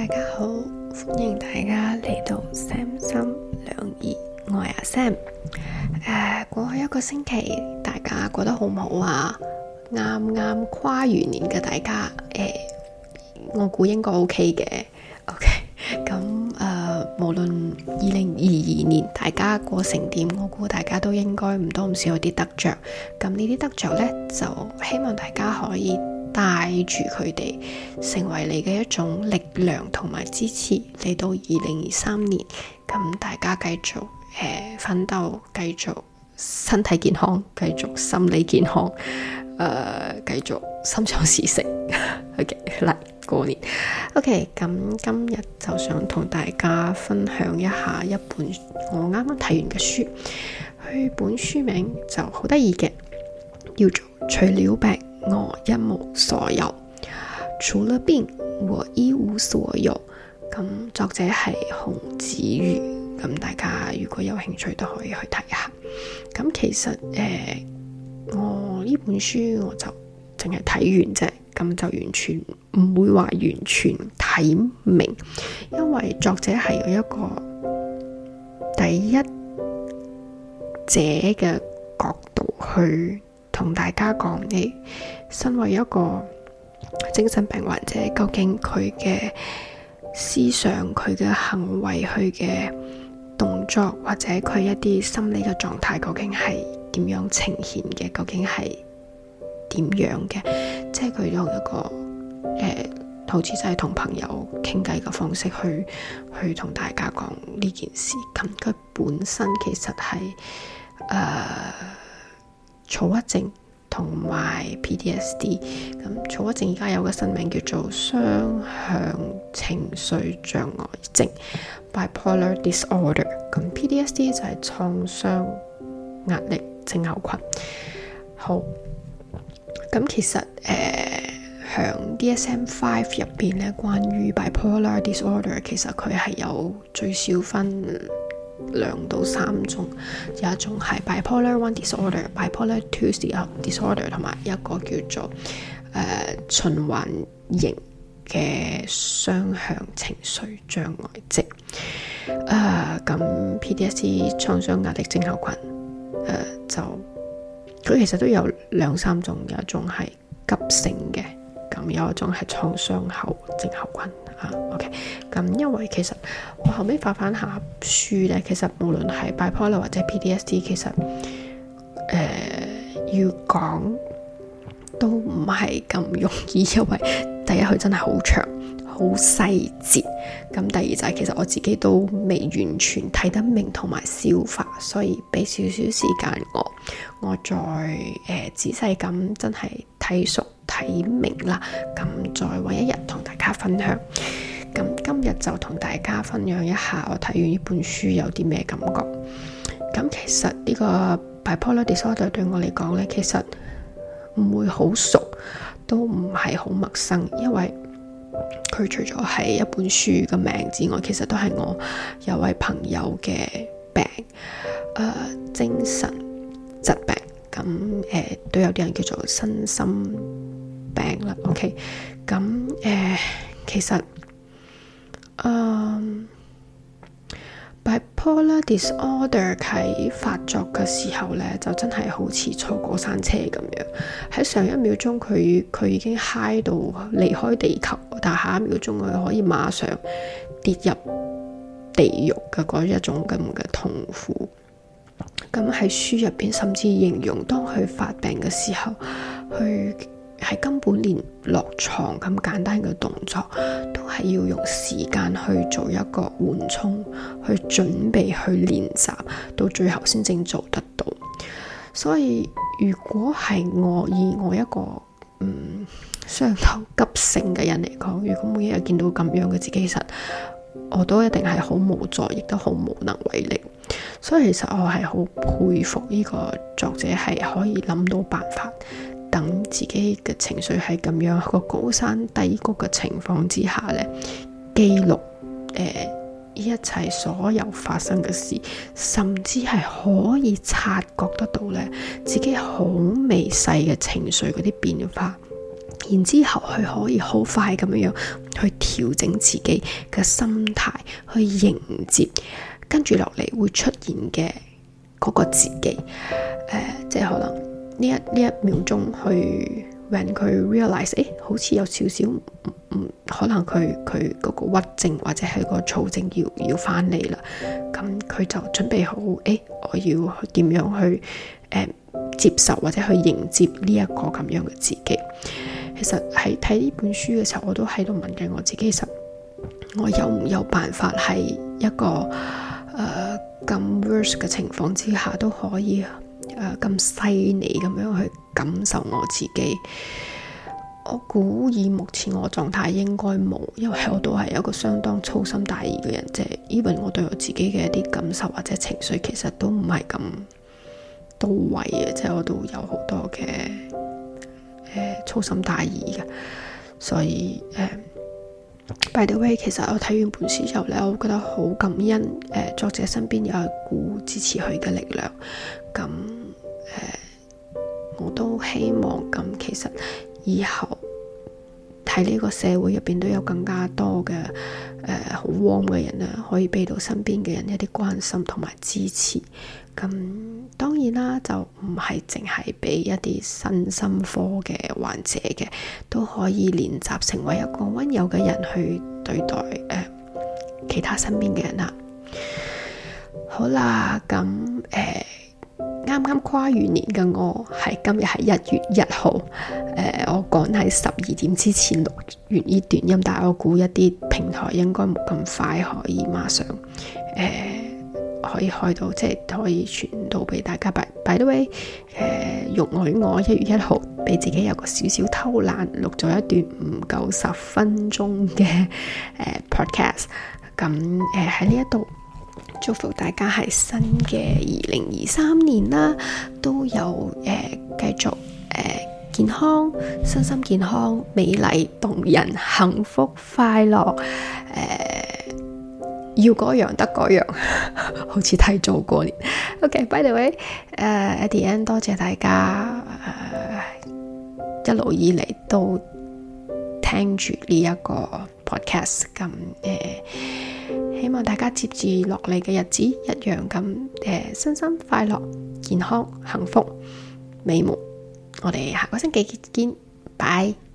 大家好，歡迎大家嚟到三心兩意，我係阿 Sam。誒，過去一個星期，大家過得好唔好啊？啱啱跨完年嘅大家，誒、哎，我估應該 OK 嘅。OK，咁誒、呃，無論二零二二年大家過成點，我估大家都應該唔多唔少有啲得着。咁呢啲得着呢，就希望大家可以。帶住佢哋，成為你嘅一種力量同埋支持。嚟到二零二三年，咁大家繼續誒、呃、奮鬥，繼續身體健康，繼續心理健康，誒、呃、繼續心想事成。 OK，嚟過年。OK 咁今日就想同大家分享一下一本我啱啱睇完嘅書，佢本書名就好得意嘅，叫做《除了病》。我一無所有，除了病，我一無所有。咁作者係洪子如，咁大家如果有興趣都可以去睇下。咁其實誒、呃，我呢本書我就淨係睇完啫，咁就完全唔會話完全睇明，因為作者係有一個第一者嘅角度去。同大家講，你身為一個精神病患者，究竟佢嘅思想、佢嘅行為、佢嘅動作，或者佢一啲心理嘅狀態，究竟係點樣呈現嘅？究竟係點樣嘅？即係佢用一個誒、呃，好似真係同朋友傾偈嘅方式去去同大家講呢件事。咁佢本身其實係誒。呃躁鬱症同埋 PTSD，咁躁鬱症而家有個新名叫做雙向情緒障礙症 （bipolar disorder），咁 PTSD 就係創傷壓力症候群。好，咁其實誒喺 DSM Five 入邊咧，關於 bipolar disorder，其實佢係有最少分兩到三種，有一種係 bipolar one disorder、bipolar two Di disorder，同埋一個叫做、呃、循環型嘅雙向情緒障礙症。誒、呃、咁 PTSD 創傷壓力症候群，誒、呃、就佢其實都有兩三種，有一種係急性嘅，咁有一種係創傷後症候群。OK 咁因為其實我後尾發翻下書咧，其實無論係 Bipolar 或者 PTSD，其實誒、呃、要講都唔係咁容易，因為第一佢真係好長，好細節，咁第二就係其實我自己都未完全睇得明同埋消化，所以俾少少時間我，我再誒、呃、仔細咁真係。睇熟睇明啦，咁再揾一日同大家分享。咁今日就同大家分享一下，我睇完呢本書有啲咩感覺。咁其實呢個 Bipolar Disorder 對我嚟講咧，其實唔會好熟，都唔係好陌生，因為佢除咗係一本書嘅名之外，其實都係我有位朋友嘅病，誒、呃、精神疾病。咁誒、呃、都有啲人叫做身心病啦、oh，OK？咁誒、呃、其實、呃、bipolar disorder 喺發作嘅時候咧，就真係好似坐過山車咁樣，喺上一秒鐘佢佢已經嗨到離開地球，但下一秒鐘佢可以馬上跌入地獄嘅嗰一種咁嘅痛苦。咁喺書入邊，甚至形容當佢發病嘅時候，佢係根本連落床咁簡單嘅動作，都係要用時間去做一個緩衝，去準備去練習，到最後先正做得到。所以如果係我以我一個嗯傷到急性嘅人嚟講，如果每日見到咁樣嘅自己，其實。我都一定係好無助，亦都好無能為力，所以其實我係好佩服呢個作者係可以諗到辦法，等自己嘅情緒係咁樣一個高山低谷嘅情況之下呢，記錄誒、呃、一切所有發生嘅事，甚至係可以察覺得到呢自己好微細嘅情緒嗰啲變化，然之後佢可以好快咁樣樣去，調整自己嘅心態去迎接，跟住落嚟會出現嘅嗰個自己，誒、呃，即係可能呢一呢一秒鐘去令佢 realize，誒、欸，好似有少少唔可能佢佢嗰個鬱症或者係個躁症要要翻嚟啦，咁、嗯、佢就準備好，誒、欸，我要點樣去誒、呃、接受或者去迎接呢一個咁樣嘅自己。其實喺睇呢本書嘅時候，我都喺度問緊我自己，其實我有唔有辦法喺一個誒咁 worse 嘅情況之下都可以誒咁犀利咁樣去感受我自己？我估以目前我狀態應該冇，因為我都係一個相當粗心大意嘅人，即係 even 我對我自己嘅一啲感受或者情緒，其實都唔係咁到位嘅，即係我都有好多嘅。粗心大意嘅，所以、uh, by the way，其實我睇完本書之後呢，我覺得好感恩誒，uh, 作者身邊有一股支持佢嘅力量，咁、uh, 我都希望咁，其實以後，睇呢個社會入邊都有更加多嘅誒好 warm 嘅人啊，可以俾到身邊嘅人一啲關心同埋支持。咁當然啦，就唔係淨係俾一啲身心科嘅患者嘅，都可以練習成為一個溫柔嘅人去對待誒、呃、其他身邊嘅人啦。好啦，咁誒。呃啱啱跨完年嘅我，係今日係一月一號，誒、呃，我趕喺十二點之前錄完呢段音，但係我估一啲平台應該冇咁快可以馬上，誒、呃，可以開到，即係可以傳到俾大家。By the way，誒，容許我一月一號俾自己有個少少偷懶，錄咗一段唔夠十分鐘嘅誒、呃、podcast，咁誒喺呢一度。祝福大家係新嘅二零二三年啦、啊，都有誒、呃、繼續誒、呃、健康、身心健康、美麗動人、幸福快樂誒、呃，要個樣得個樣，樣 好似提早過年。OK，By、okay, the way，誒、呃、，Adrian，多謝大家誒、呃、一路以嚟都聽住呢一個 podcast 咁、嗯、誒。呃希望大家接住落嚟嘅日子，一樣咁誒、呃，身心快樂、健康、幸福、美滿。我哋下個星期見，拜拜。